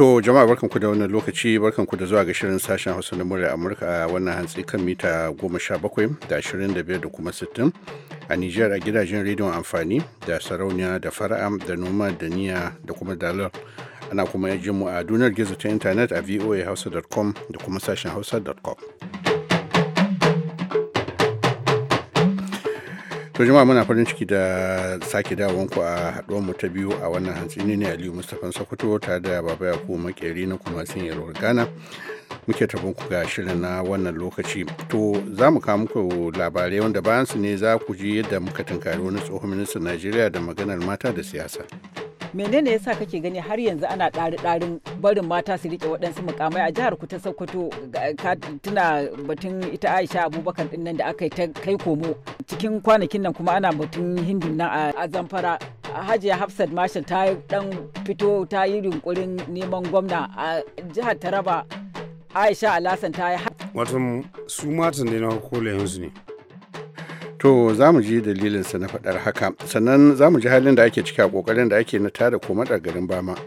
To jama'a barkanku da wannan lokaci barkan ku da zuwa ga shirin sashen Hausa na murya Amurka a wannan hantsi kan mita goma sha bakwai da ashirin da biyar da kuma sittin a Nijar a gidajen rediyon amfani da sarauniya da fara'am da noma da niya da kuma dalar ana kuma yajin mu a dunar gizo ta intanet a voahausa.com da kuma sashen hausa.com. to jama'a muna farin ciki da sake dawonku a haɗuwar mu ta biyu a wannan hantsi ne aliyu mustapha sokoto tare da baba yakubu makeri na kuma sun yi muke tafin ku ga shirin na wannan lokaci to za mu kawo muku labarai wanda bayan su ne za ku ji yadda muka tunkari wani tsohon ministan najeriya da maganar mata da siyasa menene yasa kake gani har yanzu ana ɗari ɗarin barin mata su riƙe waɗansu mukamai a jihar ku ta sokoto tuna batun ita aisha abubakar ɗin nan da aka ta kai komo cikin kwanakin nan kuma ana mutum hindu na eh, a zamfara hajiya hafsat mashal ta dan fito ta yi yunkurin neman gwamna a jihar taraba aisha alasan ta yi watan su matan ne na kola yanzu ne to za mu ji dalilinsa na faɗar haka sannan za mu ji halin da ake ciki a ƙoƙarin da ake na tada koma garin bama.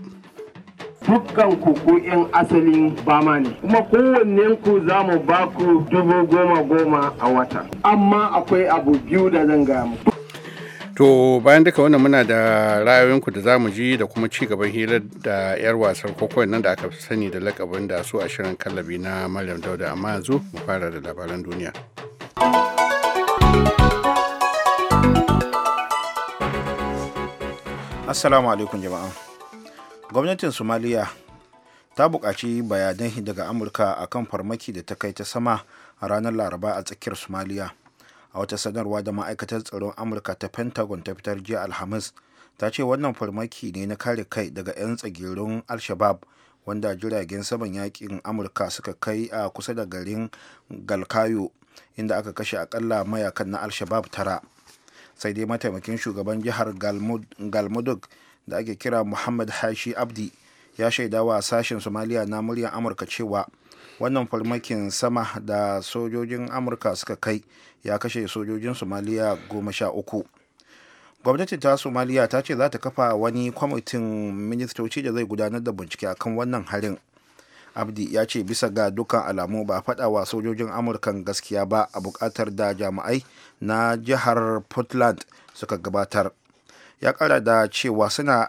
dukkan ku ko yan asalin bama ne kuma kowanne ku za mu ba ku dubu goma goma a wata amma akwai abu biyu da zan gaya muku To bayan duka wannan muna da ra'ayoyinku da za mu ji da kuma ci gaban hirar da 'yar wasan koko nan da aka sani da lakabin da su a shirin kallabi na Maryam Dauda amma yanzu mu fara da labaran duniya. Assalamu alaikum jama'a. gwamnatin somaliya ta buƙaci bayanai daga amurka akan farmaki da ta kai ta sama a ranar laraba a tsakiyar somaliya a wata sanarwa da ma'aikatar tsaron amurka ta pentagon ta fitar jiya alhamis ta ce wannan farmaki ne na kare kai daga 'yan tsagerun alshabab wanda jiragen saman yakin amurka suka kai a kusa da garin galkayo inda aka kashe akalla mayakan na alshabab tara sai dai mataimakin shugaban jihar galmudug da ake kira muhammad hashi abdi ya shaida wa sashen somaliya na muryar amurka cewa wannan farmakin sama da sojojin amurka suka kai ya kashe sojojin somaliya goma sha uku gwamnati ta somaliya ta ce za ta kafa wani kwamitin ministoci da zai gudanar da bincike akan wannan harin abdi ya ce bisa ga dukkan alamu ba fada wa sojojin amurkan gaskiya ba a bukatar da jami'ai na jihar portland suka gabatar ya kara da cewa suna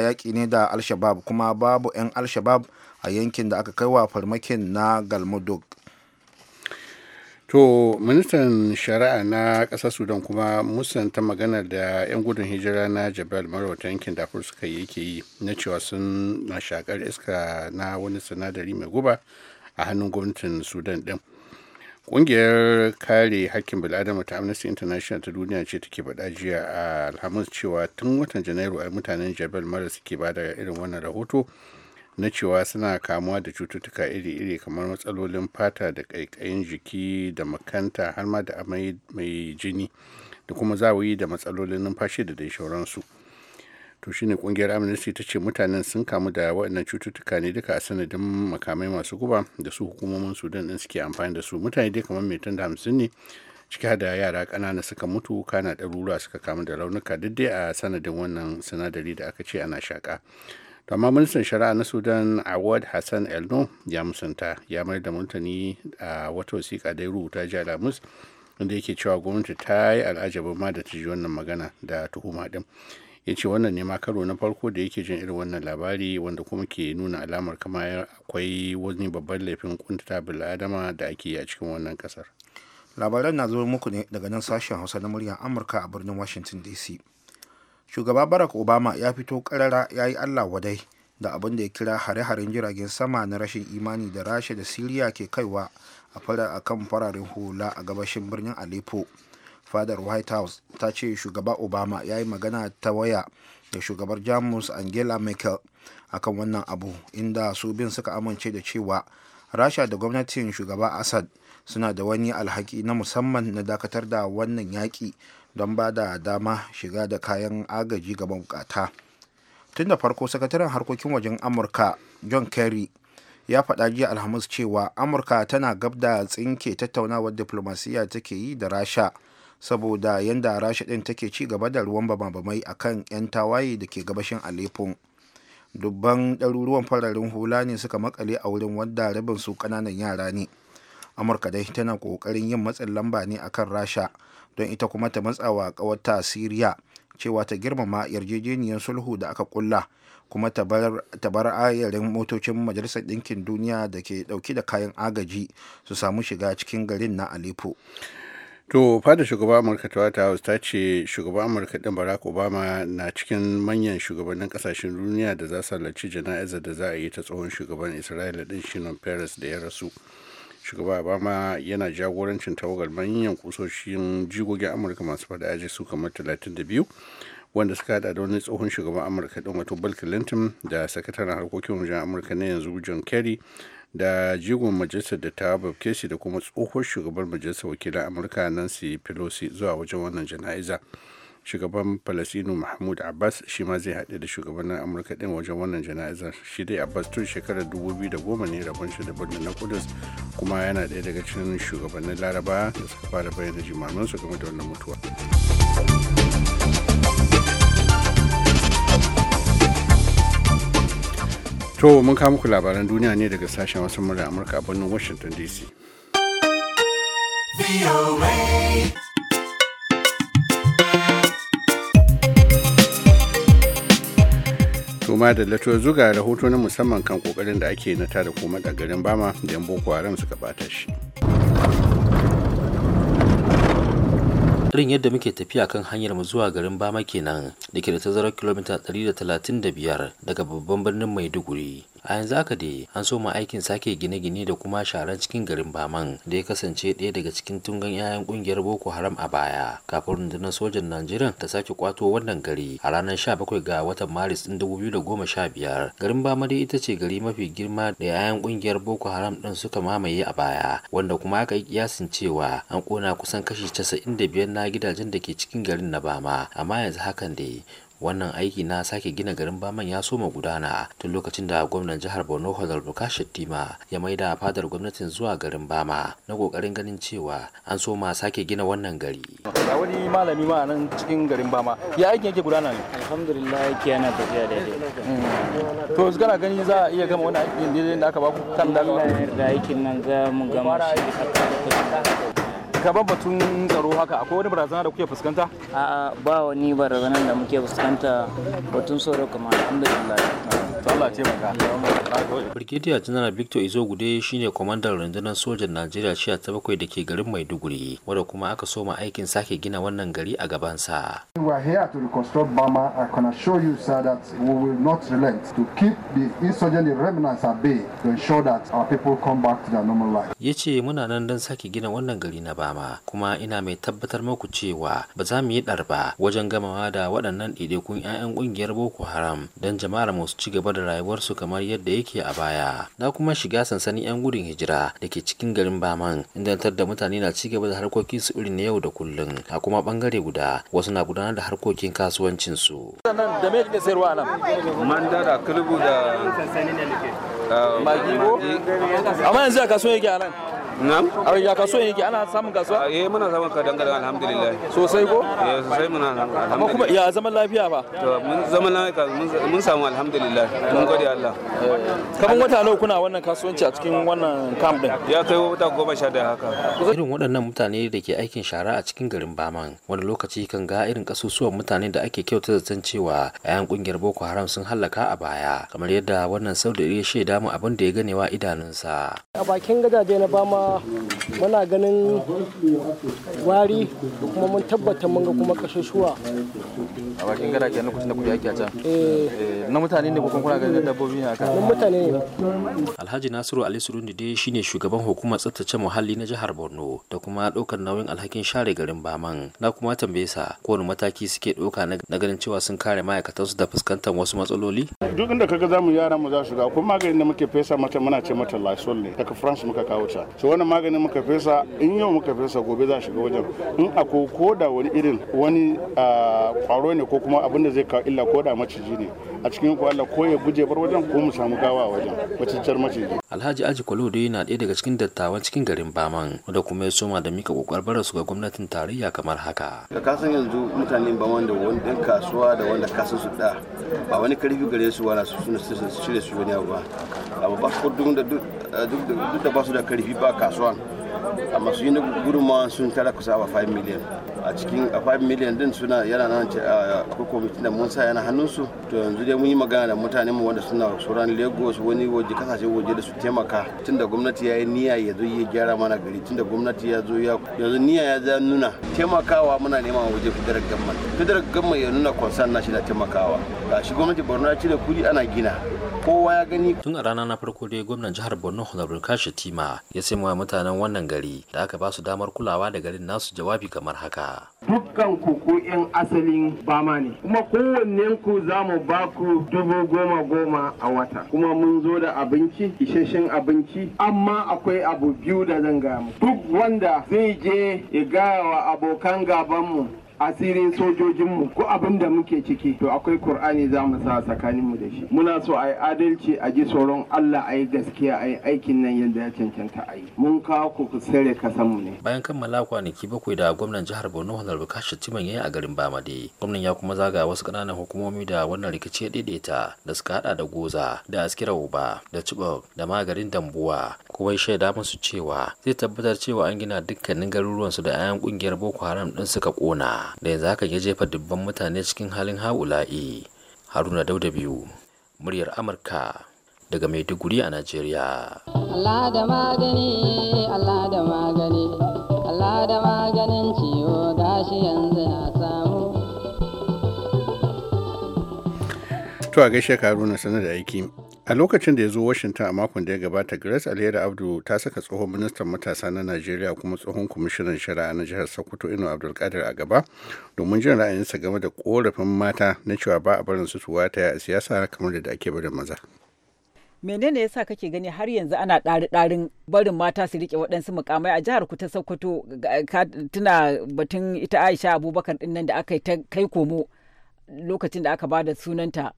yaƙi ne da alshabab kuma babu 'yan alshabab a yankin da aka kai wa farmakin na galmudug to ministan shari'a na ƙasar sudan kuma musanta magana da 'yan gudun hijira na jabal marauta yankin da suka yake yi na cewa sun na shakar iska na wani sinadari mai guba a hannun gwamnatin sudan din Ƙungiyar kare hakkin bil'adama ta Amnesty International ta duniya ce take faɗa jiya a Alhamis cewa tun watan Janairu a mutanen Jabal Mara suke ba da irin wannan rahoto na cewa suna kamuwa da cututtuka iri-iri kamar matsalolin fata da ƙaiƙayin jiki da makanta har ma da amai mai jini da kuma zawayi da matsalolin numfashi da dai sauransu. to shine kungiyar amnesty ta ce mutanen sun kamu da waɗannan cututtuka ne duka a sanadin makamai masu guba da su hukumomin sudan din suke amfani da su mutane dai kamar mai da hamsin ne ciki da yara ƙanana suka mutu kana ɗaruruwa suka kamu da raunuka duk dai a sanadin wannan sinadari da aka ce ana shaƙa to amma ministan shari'a na sudan awad hassan elno ya musanta ya mayar da mutane a wata wasiƙa da ya rubuta ji alamus inda yake cewa gwamnati ta yi al'ajabin ma da ta ji wannan magana da tuhuma din ya ce wannan ne ma karo na farko da yake jin irin wannan labari wanda kuma ke nuna alamar kama akwai wani babban laifin kuntata bil'adama da ake yi a cikin wannan kasar labaran na zo muku ne daga nan sashen hausa na muryar amurka a birnin washington dc shugaba barack obama ya fito karara ya yi allah wadai da abin da ya kira hare-haren jiragen sama na rashin imani da rasha da siriya ke kaiwa a kan fararen hula a gabashin birnin aleppo fadar white house ta ce shugaba obama ya yi magana ta waya da shugabar jamus angela merkel akan wannan abu inda su bin suka amince da cewa rasha da gwamnatin shugaba asad suna da wani alhaki na musamman na dakatar da wannan yaƙi don ba da dama shiga da kayan agaji ga bukata tun da farko sakataren harkokin wajen amurka john kerry ya faɗa jiya alhamis cewa amurka tana gab da tsinke tattaunawar diflomasiyya take yi da rasha saboda yadda rasha ɗin take ci gaba da ruwan bamabamai a kan 'yan tawaye da ke gabashin aleppo dubban ɗaruruwan fararen hula ne suka makale a wurin wadda rabin su ƙananan yara ne amurka dai tana ƙoƙarin yin matsin lamba ne a kan rasha don ita kuma ta matsawa ƙawarta siriya cewa ta girmama yarjejeniyar sulhu da aka kulla kuma ta bar ayarin motocin majalisar ɗinkin duniya da ke ɗauki da kayan agaji su samu shiga cikin garin na aleppo to fada shugaban amurka ta wata ta ce shugaban amurka ɗin barack obama na cikin manyan shugabannin kasashen duniya da za su halarci jana'izar da za a yi ta tsohon shugaban isra'ila ɗin shinon paris da ya rasu shugaba obama yana jagorancin tawagar manyan kusoshin jigogin amurka masu fada aji su kamar 32 wanda suka hada da wani tsohon shugaban amurka ɗin wato bill clinton da sakataren harkokin wajen amurka na yanzu john kerry da jigon majalisar da ta babke shi da kuma tsohon shugaban majalisar wakilan amurka nancy pelosi zuwa wajen wannan jana'iza shugaban palestino mahmud abbas shi ma zai haɗe da shugabannin amurka ɗin wajen wannan jana'izar shi dai abbas tun shekarar dubu biyu da goma ne rabon shi da birnin na kudus kuma yana ɗaya daga cikin shugabannin laraba da suka fara bayyana jimamansu game da wannan mutuwa to mun kawo muku labaran duniya ne daga sashen wasu murya amurka a birnin washington dc tuma da lato zuga rahoto na musamman kan kokarin da ake na tada koma da garin bama da yan boko haram suka bata shi irin yadda muke tafiya kan hanyar mu zuwa garin bama kenan da ke da tazarar kilomita 135 daga babban birnin maiduguri a yanzu haka dai an soma aikin sake gine-gine da kuma sharan cikin garin baman da ya kasance ɗaya daga cikin tungan 'ya'yan ƙungiyar boko haram a baya kafin rundunar sojan najeriya ta sake kwato wannan gari a ranar 17 ga watan maris ɗin 2015 garin bama dai ita ce gari mafi girma da 'ya'yan ƙungiyar boko haram ɗin suka mamaye a baya wanda kuma aka yi kiyasin cewa an ƙona kusan kashi 95 na gidajen da ke cikin garin na bama amma yanzu hakan dai wannan aiki na sake gina garin baman ya soma gudana tun lokacin da gwamnan jihar borno honorable kashi tima ya maida fadar gwamnatin zuwa garin bama na kokarin ganin cewa an soma sake gina wannan gari ga wani malami ma nan cikin garin bama ya aikin yake gudana ne alhamdulillah ke yana tafiya daidai hmm. to kana gani za a iya gama wannan aikin da aka ba ku kan da aikin nan za mu gama shi kaban batun tsaro haka akwai wani barazana da kuke fuskanta a ba wani barazanar da muke fuskanta batun tsaro kamar alhamdulillah to Allah ya taimaka Brigadier General Victor Izogude shine kwamandan rundunar sojan Najeriya shiya ta bakwai da ke garin Maiduguri, wanda kuma aka soma aikin sake gina wannan gari a gabansa. We are here to reconstruct Bama. I can assure you, sir, that we will not relent to keep the insurgent remnants at bay to ensure that our people come Ya ce muna nan don sake gina wannan gari na Bama, kuma ina mai tabbatar muku cewa ba za mu yi ɗar ba wajen gamawa da waɗannan ɗaiɗaikun 'ya'yan ƙungiyar Boko Haram don jama'ar masu ci gaba da rayuwarsu kamar yadda yake a baya na kuma shiga sansanin 'yan gudun hijira da ke cikin garin baman inda da mutane na ci gaba da harkokin su irin na yau da kullum a kuma bangare guda wasu na gudanar da harkokin kasuwancin su da Na'am. A ya kasuwa yake ana samun kasuwa? Eh muna samun ka dangare alhamdulillah. Sosai ko? Eh sosai muna alhamdulillah. Amma kuma ya zaman lafiya ba. To mun zaman lafiya mun samu alhamdulillah. Mun gode Allah. Eh, kaman wata nawa kuna wannan kasuwanci a cikin wannan camp din? Ya kai wata goma sha da haka. Irin waɗannan mutane da ke aikin shara a cikin garin Baman wani lokaci kan ga irin kasusuwan mutane da ake kyauta zaton cewa 'ya'yan kungiyar Boko Haram sun hallaka a baya kamar yadda wannan saudari ya shaida mu abin da ya ganewa idanunsa. A bakin gadaje na Bama muna ganin wari da kuma mun tabbata mun ga kuma kashashuwa a bakin gara kenan lokacin da kuke yaki can eh. eh na mutane ne ko kuna ganin dabbobi ne akan mutane ne Alhaji Nasiru Ali Surundi dai shine shugaban hukumar tsaftace muhalli na jihar Borno da kuma daukar nauyin alhakin share garin Baman na kuma tambaye sa kowane mataki suke dauka na ganin cewa sun kare ma'aikatan su da fuskantar wasu matsaloli duk inda kaga zamu yara mu za su ga kuma maganin da muke fesa mata muna ce mata Lysol ne daga France muka kawo ta wannan maganin muka fesa in yau muka fesa gobe za shiga wajen in a ko da wani irin wani kwaro ah, ne ko kuma abin da zai kawo illa ko da maciji ne a cikin ku Allah ko ya guje bar wajen ko mu samu gawa a wajen maciccar maciji Alhaji Aji Kwalo dai na daya daga cikin dattawan cikin garin Baman wanda kuma ya soma da mika kokar bara su ga gwamnatin tarayya kamar haka da ka san yanzu mutanen Baman da wani kasuwa da wanda ka su da ba wani karfi gare su wala su suna shirye su wani abu ba abu ba duk da ba su da karfi ba kasuwa amma su yi na gudunmawa sun tara kusa a 5 miliyan a cikin a 5 miliyan din suna yana nan akwai kwamitin da mun sa yana hannunsu to yanzu dai mun yi magana da mutane mu wanda suna sauran lagos wani waje kasashe waje da su taimaka tunda gwamnati ya yi niyya ya zo ya gyara mana gari tunda gwamnati ya zo ya yanzu niyya ya za nuna taimakawa muna nema waje fidar gamman fidar gamman ya nuna concern na shi na taimakawa ga shi gwamnati borno ya cire kudi ana gina kowa ya gani tun a rana na farko dai gwamnan jihar borno honorable kashi tima ya sai wa mutanen wannan gari da aka ba su damar kulawa da garin nasu jawabi kamar haka dukkan ku yan asalin bama ne kuma kowanne ku za mu ba ku dubu goma goma a wata kuma mun zo da abinci isasshen abinci amma akwai abu biyu da zan gaya mu duk wanda zai je ya gaya wa abokan gaban mu asirin sojojinmu ko abin da muke ciki to akwai Kur'ani za mu sa tsakaninmu da shi muna so a adalci a ji tsoron Allah a gaskiya a aikin nan yadda ya cancanta a yi mun kawo ku ku sare kasanmu ne bayan kammala kwanaki bakwai da gwamnan jihar Borno Honar Bukashi Timan yayi a garin Bamade gwamnan ya kuma zaga wasu ƙananan hukumomi da wannan rikici ya daidaita da suka hada da Goza da Askira Uba da cibo da Magarin Dambuwa kuma ya shaida musu cewa zai tabbatar cewa an gina dukkanin garuruwansu da 'ya'yan kungiyar boko haram din suka kona da yanzu haka ya jefa dubban mutane cikin halin haula'i haruna dauda biyu muryar amurka daga maiduguri a nigeria. allah da magani allah da magani allah da maganin To a gaishe Haruna sanar da aiki. A lokacin da ya zo Washington a makon da ya gabata, Grace Aliyar abdul ta saka tsohon ministan matasa na Najeriya kuma tsohon kwamishinan shari'a na jihar Sokoto Inu Abdulkadir a gaba domin jin ra'ayinsa game da korafin mata na cewa ba a barin su wata a siyasa kamar da ake barin maza. menene yasa kake gani har yanzu ana ɗari ɗarin barin mata su riƙe waɗansu mukamai a jihar kuta ta Sokoto tuna batun ita Aisha Abubakar ɗinnan da aka yi ta kai komo lokacin da aka bada sunanta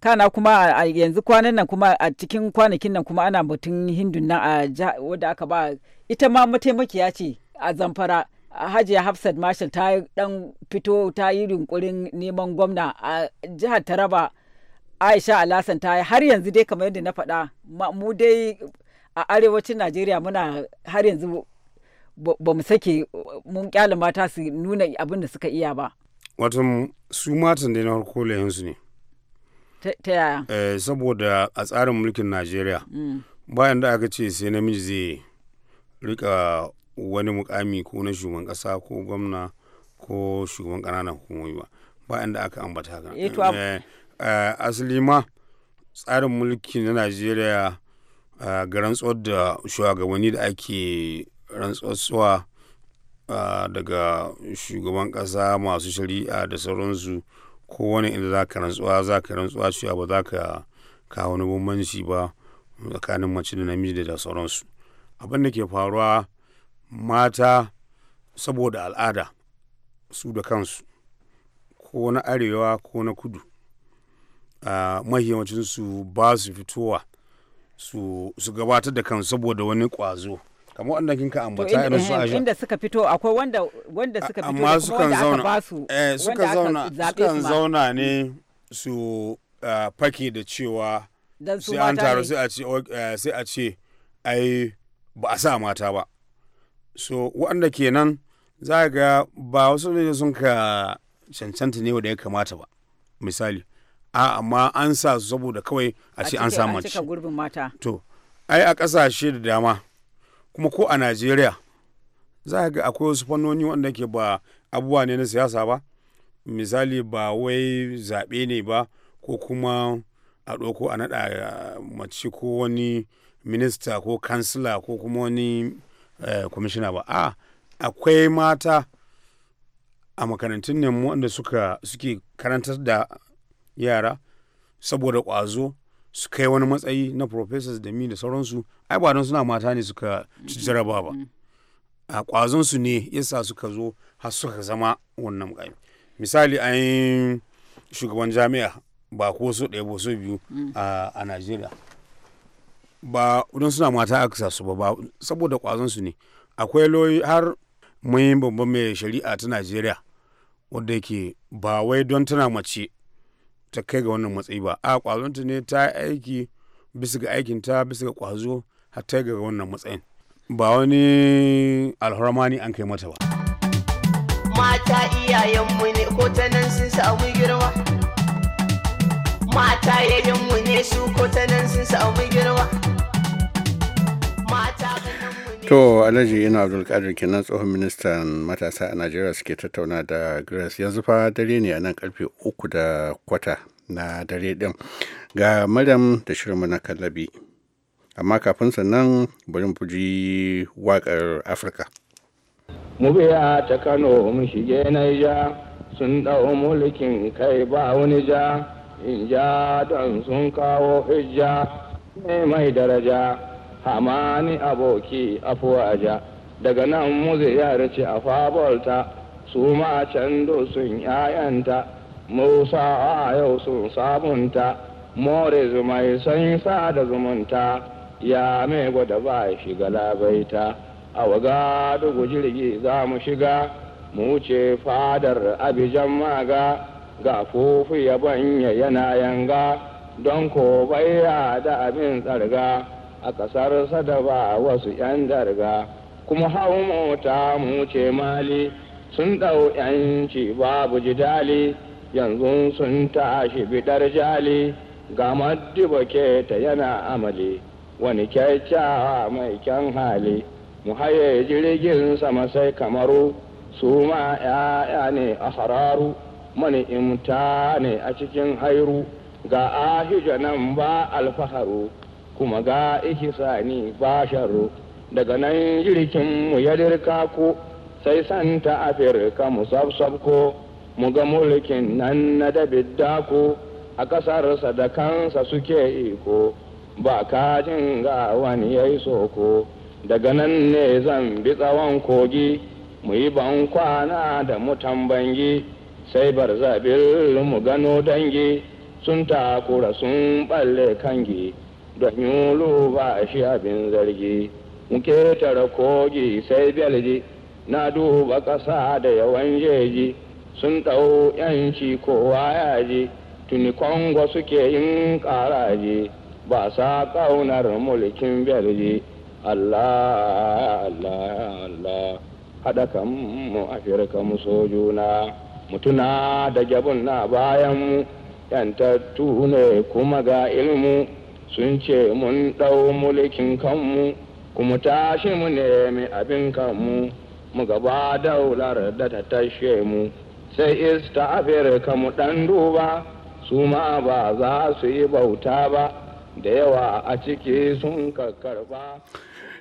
kana kuma a yanzu kwanan nan kuma a cikin kwanakin nan kuma ana batun hindun nan a wadda aka ba ita ma mataimakiya ce a zamfara hajiya hafsat marshal ta dan fito ta yi rinkurin neman gwamna a jihar taraba aisha alasan ta har yanzu dai kamar yadda na faɗa mu dai a arewacin najeriya muna har yanzu ba mu sake mun kyala mata su nuna abin da suka iya ba watan su matan da na harko layansu ne eh, saboda a tsarin mulkin najeriya mm. bayan da aka ce sai namiji zai rika wani mukami ko na shugaban kasa ko gwamna ko shugaban ƙananan hukumomi ba bayan da aka ambata ga eh, eh, asali ma tsarin mulki na najeriya ga rantsuwar da shugabanni da ake rantsuwar daga shugaban ƙasa masu shari'a da sauransu wani inda za ka rantsuwa za ka rantsuwa cewa ba za ka kawo wani bambanci ba tsakanin mace da namiji da sauransu abin da ke faruwa mata saboda al'ada su da kansu ko na arewa ko na kudu mahimmancinsu ba su fitowa su gabatar da kansu saboda wani ƙwazo. kamar wanda kinka ambata irin su eh, aja inda suka fito akwai wanda wanda suka fito amma sukan zauna eh suka zauna sukan zauna ne su eh, fake da cewa sai an taru sai a ce eh, sai a ce ai ba a sa mata ba so waɗanda kenan za ga ba wasu ne sun ka cancanta ne da ya kamata ba misali a amma an sa su saboda kawai a ce an sa mace to ai a kasashe da dama kuma ko a najeriya za ga akwai wasu fannoni wanda ke ba abubuwa ne na siyasa ba misali ba wai zaɓe ne ba ko kuma a ɗauko a naɗa eh, mace ko wani minista ko kansila ko kuma wani eh, kwamishina ba a akwai mata a makarantun nemo wanda suke karantar da yara saboda ƙwazo su kai wani matsayi na professors da mi da sauransu ai ba don suna mata ne suka ci jaraba ba a su ne yasa suka zo har suka zama wannan mukami misali an shugaban jami'a ba ko so ɗaya ba so biyu a nigeria ba don suna mata aka sa su ba saboda su ne akwai loyi har mun babban mai shari'a ta najeriya wadda yake ba wai don tana mace ta kai ga wannan matsayi ba a kwazonta ne ta aiki bisa ga aikin ta bisa ga kwazo har ta ga wannan matsayin ba wani alhormani an kai mata ba mata iyayenmu ne ko ta nan sun samu girma mata iyayenmu ne su ko ta nan sun samu girma To Alhaji ina Abdulkadir kenan tsohon ministan matasa a Najeriya suke tattauna da Grace yanzu fa dare ne a nan karfe uku da kwata na dare din ga madam da shirinmu na kallabi. Amma kafin sannan bari mu fuji waƙar Afirka. Mu biya ta Kano mu shige Naija sun ɗau mulkin kai ba wani ja in ja don sun kawo hijja mai daraja. hamani aboki afuwaja daga nan muze ya ce a fabolta su ma can sun yayanta musa a yau sun sabunta more zumai san sa da zumunta ya mai gwada ba shiga labaita a waga dugu jirgi za mu shiga mu ce fadar abijan maga ga fufu ya banya yana yanga don ko baya da abin tsarga a ƙasar sadaba wasu 'yan darga kuma hau mota mu ce mali sun ɗau 'yanci babu jidali yanzu sun tashi bidar jali ga maddiba ta yana amali wani kyakkyawa mai kyan hali mu haye jirgin sama sai kamaru su ma 'ya'ya ne a hararu mani imta ne a cikin hairu ga ahija nan ba alfaharu kuma ga ihsani ba sharu daga nan jirkin mu ya dirka ku, sai santa afirka mu sab ko mu ga mulkin nan na dabidda ko a ƙasarsa da kansa suke iko ba kajin ga wani ya yi soko daga nan ne zan bi tsawon kogi mu yi ban kwana da mutan bangi sai bar zabil mu gano dangi sun takura sun balle kangi domin luba shi abin zargi muke tara kogi sai belji na duba ƙasa da yawan jeji sun ɗau yanci kowa yaji tuni kongo suke yin ƙaraji. ba sa ƙaunar mulkin belji allah allah allah haɗa kan mu afirka mu sojuna mutuna da jabun na bayan mu yantattu ne kuma ga ilmu sun ce mun ɗau mulkin kanmu kuma tashi mu nemi abin kanmu mu gaba daular da ta tashe mu sai ista afirka mu ɗan duba su ma ba za su yi bauta ba da yawa a ciki sun ba.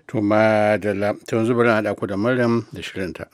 Tuma da la, ta yanzu bari haɗa ku da Maryam da shirinta.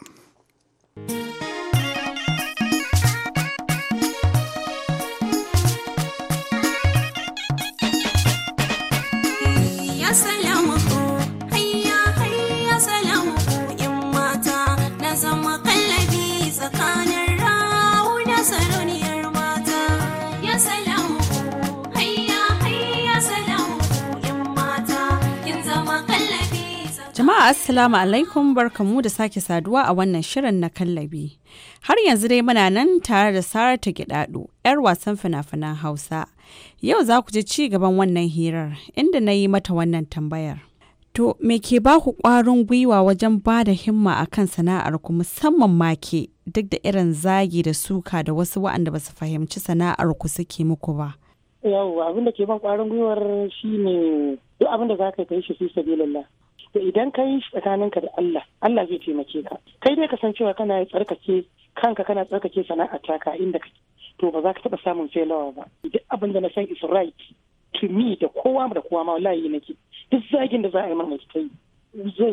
Jama'a Assalamu alaikum barkamu da sake saduwa a wannan shirin na kallabi. Har yanzu dai muna nan tare da Sarata Gidado, 'yar wasan fina-finan Hausa. Yau za ku ji ci gaban wannan hirar inda na yi mata wannan tambayar. To, me ke ba ku ƙwarin gwiwa wajen ba da himma a kan sana'ar ku musamman make ke duk da irin zagi da suka da wasu waɗanda ba su fahimci sana'ar ku suke muku ba. Yau abin da ke ban ƙwarin gwiwar shine duk abin da za ka yi shi fi sabilillah. da idan ka yi shi tsakaninka da Allah Allah zai taimake ka kai dai cewa kana tsarkake kanka kana tsarkake sana'a taka inda ka to ba za ka taɓa samun failawa ba duk abin da na san is right to me da kowa da kowa ma wallahi nake duk zagin da za a yi mana ta yi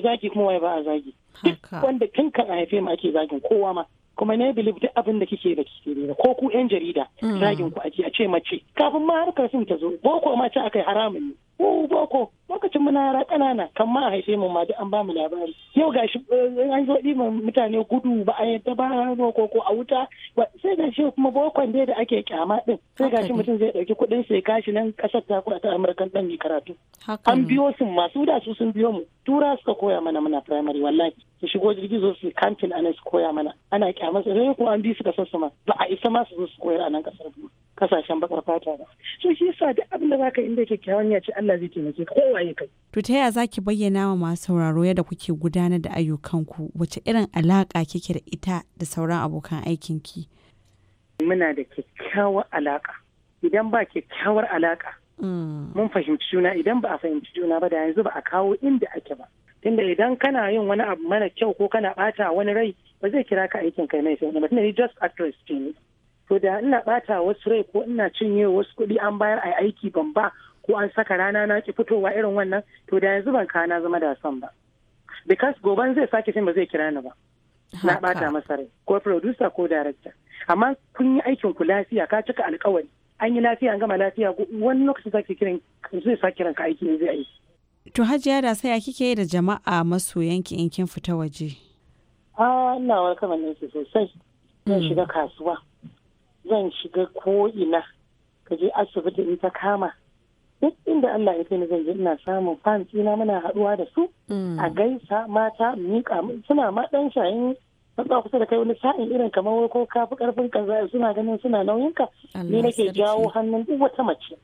zagi kuma waye ba a zagi duk wanda tun kan a haife mu ake zagin kowa ma kuma na yi duk abin da kike da kike da ko ku yan jarida mm. zagin ku ake a ce mace kafin ma harkar sun ta zo boko ma ce yi haramun ne wo boko lokacin muna yara ƙanana kan ma a haife mu ma duk an ba mu labari yau gashi eh, an zo ɗiban mutane gudu ba a yadda ba boko ko a wuta sai gashi kuma bokon dai da ake kyama din sai gashi mutum zai ɗauki kuɗin sai kashi nan ƙasar ta kuɗa ta amurkan ɗan ne karatu an biyo su masu da su sun biyo mu tura suka koya mana muna primary wallahi su shigo jirgi zo su kantin ana su koya mana ana kyama su sai ko an bi su kasar su ma ba a isa ma su zo su koyar a nan kasar kasashen bakar fata ba so shi yasa duk abin da zaka inda kyakkyawan ya ce Allah zai taimake ka ya kai to ta yaya zaki bayyana wa masu sauraro yadda kuke gudanar da ayyukan ku wace irin alaka kike da ita da sauran abokan aikinki muna da kyakkyawar alaka idan ba kyakkyawar alaka mm. mun fahimci juna idan ba a fahimci juna ba da yanzu ba a kawo inda ake ba tunda idan kana yin wani abu mana kyau ko kana bata wani rai ba zai kira ka aikin kai mai sauƙi ba tunda ni just actress ce ne to da ina bata wasu rai ko ina cinye wasu kuɗi an bayar a yi aiki ban ba ko an saka rana na ki fitowa irin wannan to da yanzu ban kana zama da son ba because goban zai sake fim ba zai kira ni ba na bata masa rai ko producer ko director amma kun yi aikin ku lafiya ka cika alkawari an yi lafiya an gama lafiya wani lokacin sake kiran zai sake ranka aiki ne zai aiki to hajiya da sai kike da jama'a masoyanki in kin fita waje ah ina welcome ne sosai zan shiga mm. kasuwa zan shiga ko ina kaje asibiti in ta kama duk inda Allah ya kai ni zan je ina samun fans ina muna haɗuwa da su mm. a gaisa mata mika suna ma dan shayin ba kusa da kai wani sa'in irin kamar wai ko kafi karfin kaza suna ganin suna nauyinka ni nake jawo hannun duk wata mace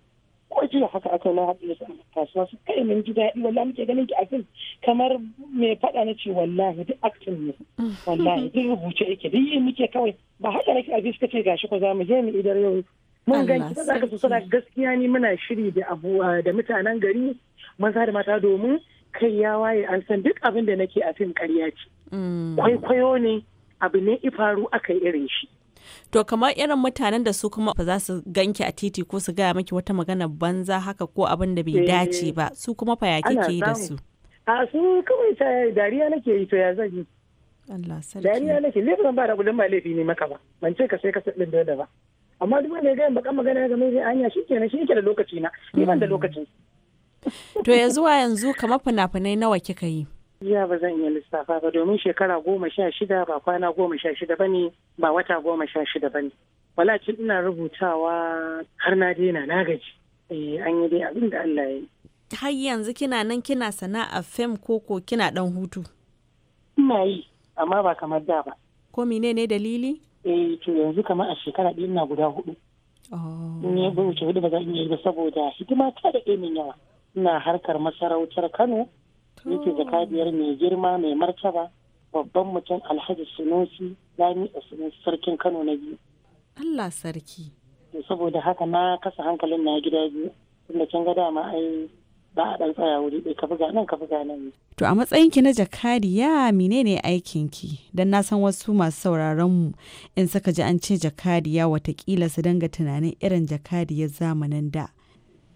ko jiya haka aka na haɗu da su kasuwa su kai mun ji daɗi wallahi muke ganin ki a fil kamar me faɗa na ce wallahi duk acting ne wallahi duk rubuce yake duk yi muke kawai ba haka nake a fil suka ce gashi ko za mu je mu idar yau mun ganci da zaka suna gaskiya ne muna shiri da abu ah, da mutanen gari maza da mata domin kai ya waye an san duk abin da nake a fim karya ce mm. kwaikwayo ne abu ne ifaru aka irin shi to kamar irin mutanen da su kuma ba za su ganki a titi ko su gaya maki wata magana banza haka ko abin da bai eh. dace ba su kuma fa ya ke da su a su kawai ta dariya nake yi to ya zan yi Allah sarki dariya nake ban ba da gudun ma laifi ne maka ba ban ce ka sai ka ɗin da ba amma duk wanda ya gaya baka magana ya game zai anya na shi yake da lokaci na ni ban da hmm. lokaci to ya zuwa yanzu kamar fina-finai nawa kika yi jiya ba zan iya lissafa ba domin shekara goma sha shida ba kwana goma sha shida ba ne ba wata goma sha shida ba ne walacin ina rubutawa har na daina na gaji eh, an yi dai abin da Allah ya yi har yanzu kina nan kina sana'a fim koko kina dan hutu ina yi amma ba kamar da ba ko menene dalili eh to yanzu kamar a shekara ɗaya na guda hudu oh. ne ba wuce hudu ba za iya ba saboda hidima ta da min yawa ina harkar masarautar kano nake zakabiyar mai girma mai martaba babban mutum alhaji sunusi lami a sunusi sarkin kano na biyu allah sarki saboda haka na kasa hankalin na gida biyu tunda can ga dama ai ba a ɗan tsaya wuri ɗaya ka buga nan ka buga nan. To a matsayin ki na jakadiya menene aikin ki? don na san wasu masu sauraron mu in saka ji an ce jakadiya watakila su dinga tunanin irin jakadiyar zamanin da.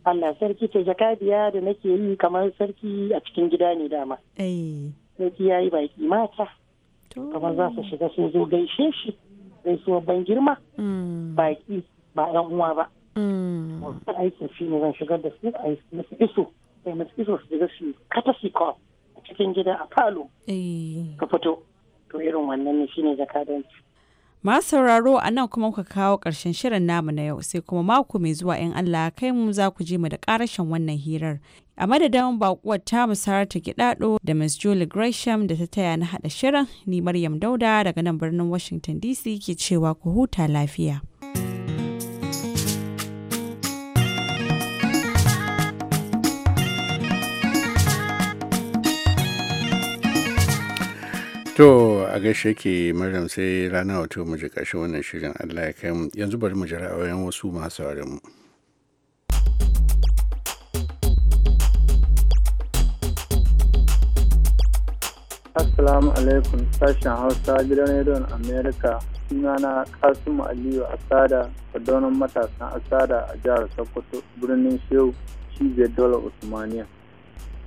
Allah sarki ce jakadiya da nake yi kamar sarki a cikin gida ne dama. Eh. Sarki ya yi baki mata. Kamar za su shiga sun zo gaishe shi. so ban girma. Hmm. Baki ba 'yan uwa ba. Hmm. Aikin shi ne zan shigar da su a iso. sai mosquitoes iso su su ko a cikin gida a falo eh. ka fito to irin wannan ne ne jakadanci masu sauraro a nan kuma ka kawo ƙarshen shirin namu na yau sai kuma mako mai zuwa in Allah kai mu za ku ji mu da ƙarashin wannan hirar a madadin bakuwar ta musarata gidado da ms julie gresham da ta taya na haɗa shirin ni maryam dauda daga nan birnin washington dc ke cewa ku huta lafiya To a gaishe ke Maryam sai rana wato mu ji ƙarshen wannan shirin Allah ya kai yanzu bari mu ji ra'ayoyin wasu masu sauraron mu. Assalamu alaikum sashen Hausa gidan rediyon Amerika sunana Kasimu Aliyu Asada Sadonan matasan Asada a jihar Sokoto birnin Shehu cibiyar Dola Usmaniya.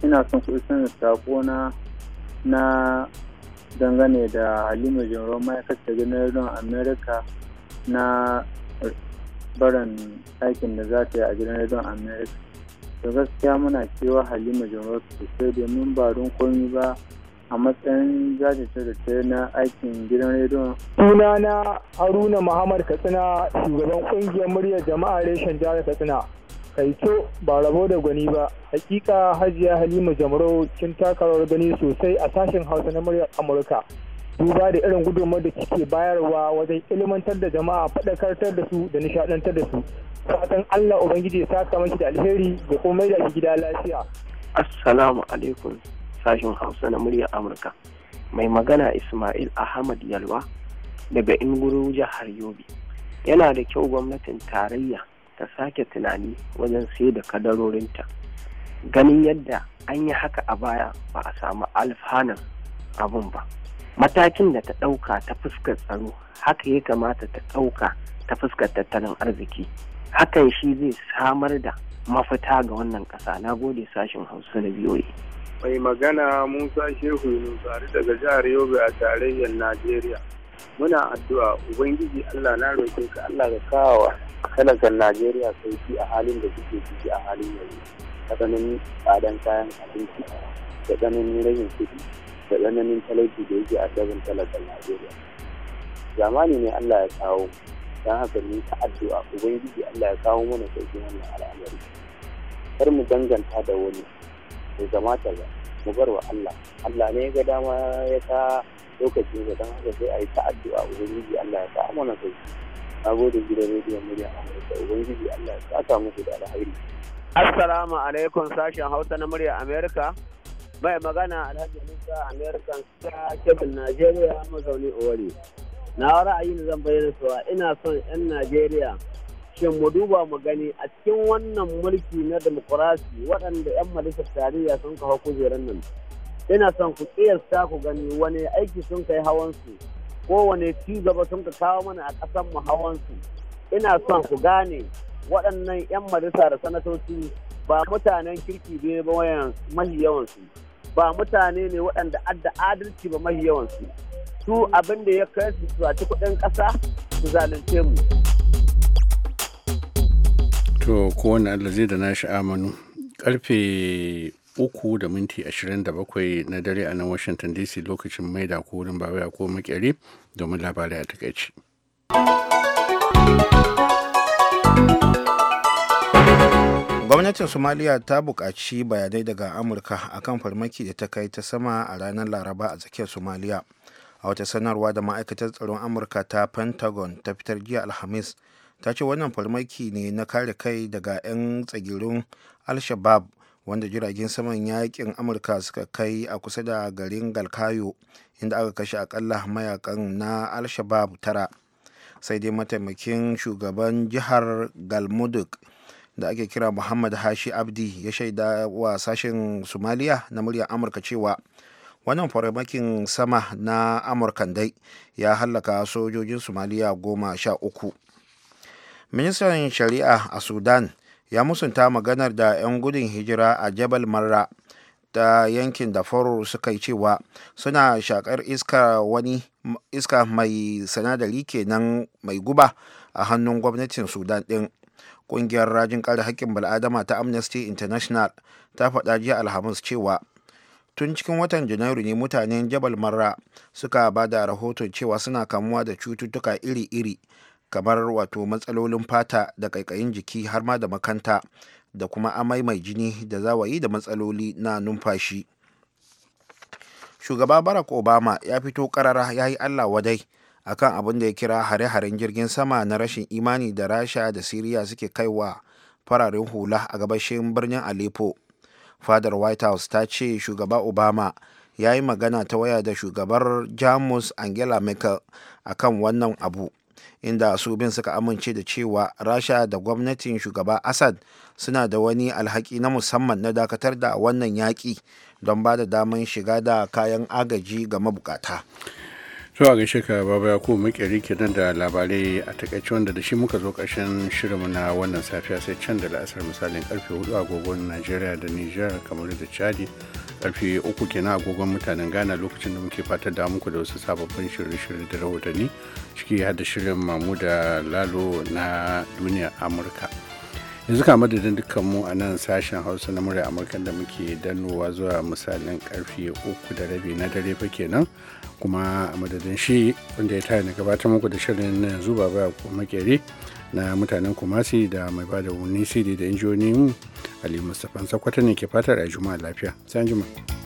Ina son ku isa na dangane da halima jinron ma'aikatar janairun amerika na barin aikin da za ta yi a janairun amerika da gaskiya muna cewa halima jinron sosai domin ba don komi ba a matsayin jajirce da ta na aikin gidan rediyon. sunana haruna muhammad katsina shugaban kungiyar muryar jama'a reshen jihar katsina kaito ba rabo da gwani ba hakika hajiya halima jamrau kin taka rawar gani sosai a sashen hausa na muryar amurka duba da irin gudunmawar da kike bayarwa wajen ilimantar da jama'a faɗakartar da su da nishaɗantar da su fatan allah ubangiji ya saka miki da alheri da komai da gida lafiya assalamu alaikum sashen hausa na muryar amurka mai magana ismail ahmad yalwa daga inguru jihar yobe yana da kyau gwamnatin tarayya ta sake tunani wajen sai da kadarorinta ganin yadda an yi haka a baya ba a samu alfanan abun ba matakin da ta ɗauka ta fuskar tsaro haka ya kamata ta ɗauka ta fuskar tattalin arziki hakan shi zai samar da mafita ga wannan ƙasa na gode sashen hausa da biyoyi mai magana musa shehu nusari daga jihar yobe a tarayyar najeriya muna addu'a ubangiji Allah na roƙe ka Allah ka kawo talakan Najeriya sauki a halin da suke ciki a halin yanzu ta tsananin tsadan kayan abinci da tsananin rashin kuɗi da tsananin talauci da yake addabin talakan Najeriya zamani ne Allah ya kawo don haka ni ta addu'a ubangiji Allah ya kawo mana sauki wannan al'amari kar mu danganta da wani bai kamata ba mu bar wa Allah Allah ne ga dama ya sa lokacin da dan haka sai a yi ta addu'a ubangiji Allah ya sa mana sai na gode gidan rediyon murya Amurka ubangiji Allah ya saka muku da alheri Assalamu alaikum sashen Hausa na murya Amerika mai magana Alhaji Musa American ta kebin Najeriya mazauni Owari na ra'ayin zan bayyana cewa ina son 'yan Najeriya cikin mu duba mu gani a cikin wannan mulki na demokurasi waɗanda 'yan majalisar tarayya sun kawo kujerar nan ina son ku kiyasta ku gani wani aiki sun kai hawansu ko wani ci gaba sun ka kawo mana a ƙasar mu hawansu ina son ku gane waɗannan 'yan majalisa da sanatoci ba mutanen kirki ne ba wayan mahi yawansu ba mutane ne waɗanda adda adalci ba mahi yawansu su abin da ya kai su a ci kuɗin ƙasa su zalunce mu to kowane zai da nashi amanu karfe uku da minti da bakwai na dare a nan washington dc lokacin mai maida ko wurin bawaya ko makere domin labarai a takaici. gwamnatin somaliya ta buƙaci bayanai daga amurka a kan farmaki da ta kai ta sama a ranar laraba a tsakiyar somaliya a wata sanarwa da ma'aikatar tsaron amurka ta pentagon ta fitar jiya alhamis ta ce wannan farmaki ne na kare kai daga 'yan tsagirin al-shabab wanda jiragen saman yakin amurka suka kai a kusa da garin galkayo inda aka kashe akalla mayakan na al-shabab tara sai dai mataimakin shugaban jihar galmuduk da ake kira muhammad hashi abdi ya shaida wa sashen somaliya na muryar amurka cewa wannan farmakin sama na amurkan dai ya hallaka sojojin somaliya goma sha uku ministan shari'a a sudan ya musunta maganar da 'yan gudun hijira a jabal marra ta yankin da faru suka yi cewa suna shakar iska wani iska mai sanadari kenan mai guba a hannun gwamnatin sudan din kungiyar rajin kare haƙƙin bal'adama ta amnesty international ta faɗa jiya alhamis cewa tun cikin watan janairu ne mutanen jabal marra suka ba da rahoton cewa suna kamuwa da cututtuka iri-iri kamar wato matsalolin fata da ƙaiƙayin jiki har ma da makanta da kuma amai mai jini da zawayi da matsaloli na numfashi shugaba barack obama ya fito karara ya yi allah wadai akan abin da ya kira hare-haren jirgin sama na rashin imani da rasha da siriya suke kaiwa fararen hula a gabashin birnin aleppo fadar white house ta ce shugaba obama ya yi magana ta waya da shugabar jamus angela merkel akan wannan abu inda su bin suka amince da cewa rasha da gwamnatin shugaba assad suna da wani alhaki na musamman na dakatar da wannan yaƙi don ba da damar shiga da kayan agaji ga mabukata to a gaishe ka baba ku ko rike kenan da labarai a takaice wanda da shi muka zo ƙarshen shirinmu na wannan safiya sai can da la'asar misalin karfe 4 agogon najeriya da niger kamar da chadi karfe 3 kenan agogon mutanen ghana lokacin da muke fatar da muku da wasu sababbin shirye-shirye da rahotanni ciki har da shirin mamu da lalo na duniya amurka yanzu ka madadin dukkan mu a nan sashen hausa na murya amurka da muke danowa zuwa misalin karfe uku da rabi na dare fa kenan kuma a madadin shi wanda ya taya na gabatar muku da shirin na yanzu ba ko makere na mutanen kumasi da mai ba da wuni da injiyoyin ali mustapha sakwata ne ke fatar a juma'a lafiya sai